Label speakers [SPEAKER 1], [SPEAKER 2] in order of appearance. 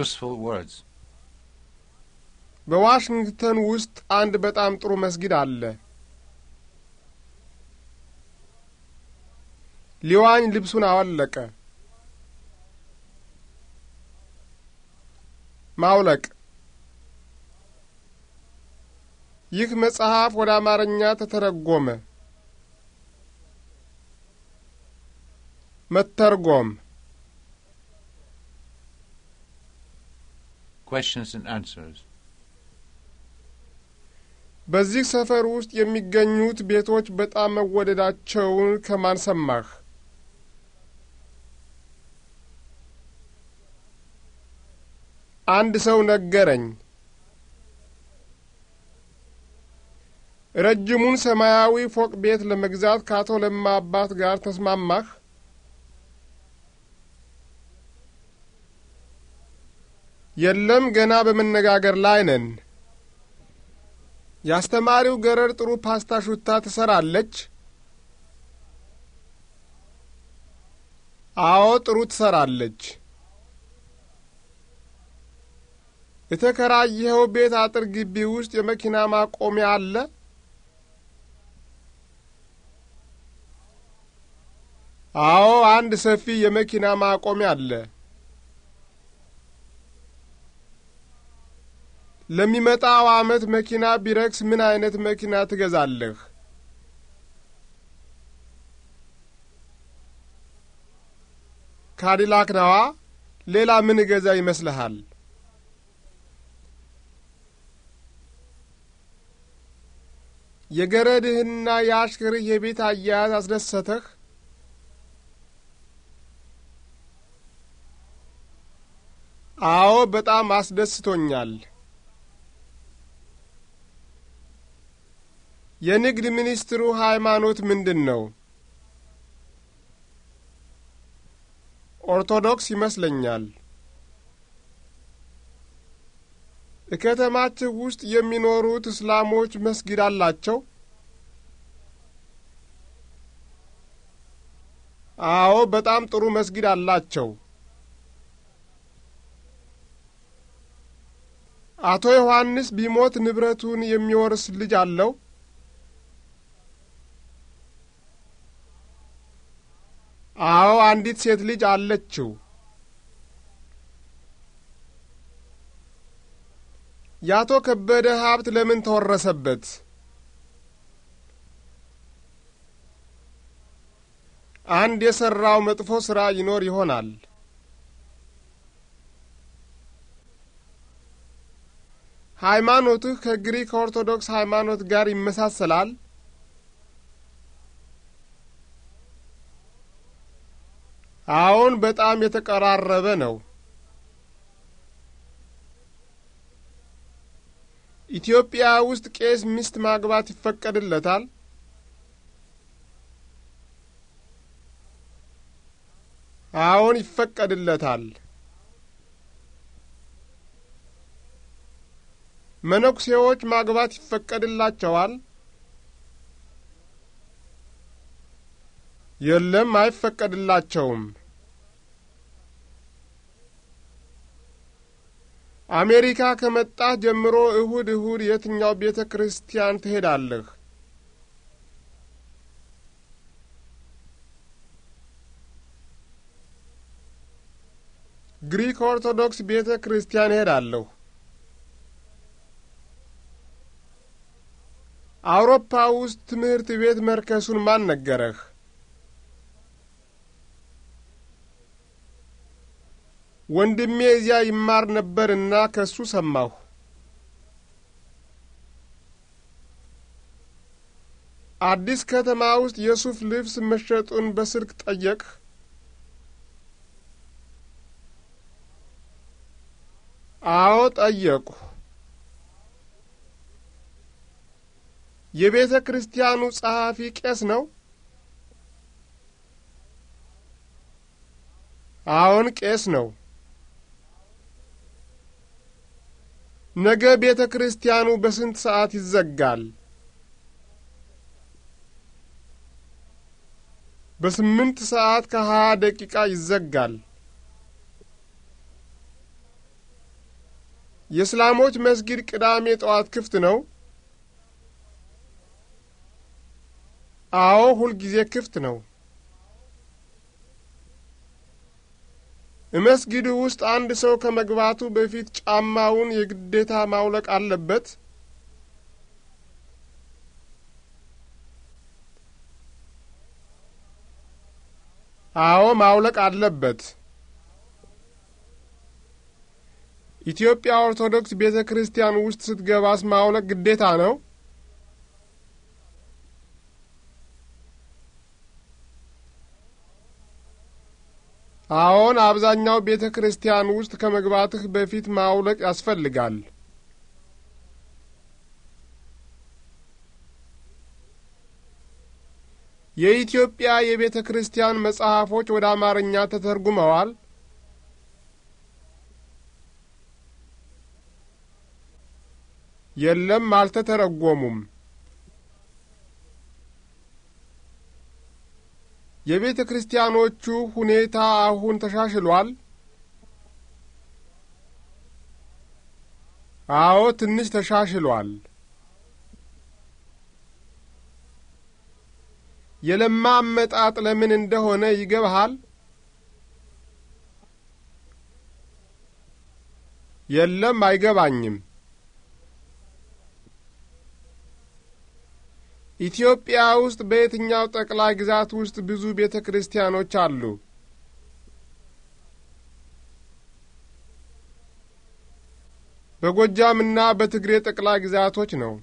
[SPEAKER 1] useful words. በዋሽንግተን ውስጥ አንድ በጣም ጥሩ መስጊድ አለ። ሊዋኝ ልብሱን አወለቀ። ማውለቅ ይህ መጽሐፍ ወደ አማርኛ ተተረጎመ። መተርጎም questions and answers. በዚህ ሰፈር ውስጥ የሚገኙት ቤቶች በጣም መወደዳቸውን ከማን ሰማህ? አንድ ሰው ነገረኝ። ረጅሙን ሰማያዊ ፎቅ ቤት ለመግዛት ከአቶ ለማ አባት ጋር ተስማማህ? የለም ገና በመነጋገር ላይ ነን። የአስተማሪው ገረድ ጥሩ ፓስታ ሹታ ትሰራለች። አዎ ጥሩ ትሰራለች። የተከራየኸው ቤት አጥር ግቢ ውስጥ የመኪና ማቆሚያ አለ? አዎ አንድ ሰፊ የመኪና ማቆሚያ አለ። ለሚመጣው ዓመት መኪና ቢረክስ ምን አይነት መኪና ትገዛለህ? ካዲላክ ነዋ። ሌላ ምን እገዛ ይመስልሃል? የገረድህና የአሽከርህ የቤት አያያዝ አስደሰተህ? አዎ፣ በጣም አስደስቶኛል። የንግድ ሚኒስትሩ ሃይማኖት ምንድን ነው? ኦርቶዶክስ ይመስለኛል። እከተማችሁ ውስጥ የሚኖሩት እስላሞች መስጊድ አላቸው? አዎ፣ በጣም ጥሩ መስጊድ አላቸው። አቶ ዮሐንስ ቢሞት ንብረቱን የሚወርስ ልጅ አለው? አዎ አንዲት ሴት ልጅ አለችው። የአቶ ከበደ ሀብት ለምን ተወረሰበት? አንድ የሰራው መጥፎ ስራ ይኖር ይሆናል። ሃይማኖትህ ከግሪክ ኦርቶዶክስ ሃይማኖት ጋር ይመሳሰላል? አዎን፣ በጣም የተቀራረበ ነው። ኢትዮጵያ ውስጥ ቄስ ሚስት ማግባት ይፈቀድለታል? አዎን፣ ይፈቀድለታል። መነኩሴዎች ማግባት ይፈቀድላቸዋል? የለም፣ አይፈቀድላቸውም። አሜሪካ ከመጣህ ጀምሮ እሁድ እሁድ የትኛው ቤተ ክርስቲያን ትሄዳለህ? ግሪክ ኦርቶዶክስ ቤተ ክርስቲያን እሄዳለሁ። አውሮፓ ውስጥ ትምህርት ቤት መርከሱን ማን ነገረህ? ወንድሜ እዚያ ይማር ነበርና ከሱ ሰማሁ። አዲስ ከተማ ውስጥ የሱፍ ልብስ መሸጡን በስልክ ጠየቅህ? አዎ ጠየቁ! የቤተ ክርስቲያኑ ጸሐፊ ቄስ ነው? አዎን ቄስ ነው። ነገ ቤተ ክርስቲያኑ በስንት ሰዓት ይዘጋል? በስምንት ሰዓት ከሀያ ደቂቃ ይዘጋል። የእስላሞች መስጊድ ቅዳሜ ጠዋት ክፍት ነው? አዎ፣ ሁልጊዜ ክፍት ነው። መስጊዱ ውስጥ አንድ ሰው ከመግባቱ በፊት ጫማውን የግዴታ ማውለቅ አለበት? አዎ ማውለቅ አለበት። ኢትዮጵያ ኦርቶዶክስ ቤተ ክርስቲያን ውስጥ ስትገባስ ማውለቅ ግዴታ ነው? አዎን፣ አብዛኛው ቤተ ክርስቲያን ውስጥ ከመግባትህ በፊት ማውለቅ ያስፈልጋል። የኢትዮጵያ የቤተ ክርስቲያን መጽሐፎች ወደ አማርኛ ተተርጉመዋል? የለም፣ አልተተረጎሙም። የቤተ ክርስቲያኖቹ ሁኔታ አሁን ተሻሽሏል? አዎ፣ ትንሽ ተሻሽሏል። የለማ አመጣጥ ለምን እንደሆነ ይገባሃል? የለም፣ አይገባኝም። ኢትዮጵያ ውስጥ በየትኛው ጠቅላይ ግዛት ውስጥ ብዙ ቤተ ክርስቲያኖች አሉ? በጎጃምና በትግሬ ጠቅላይ ግዛቶች ነው።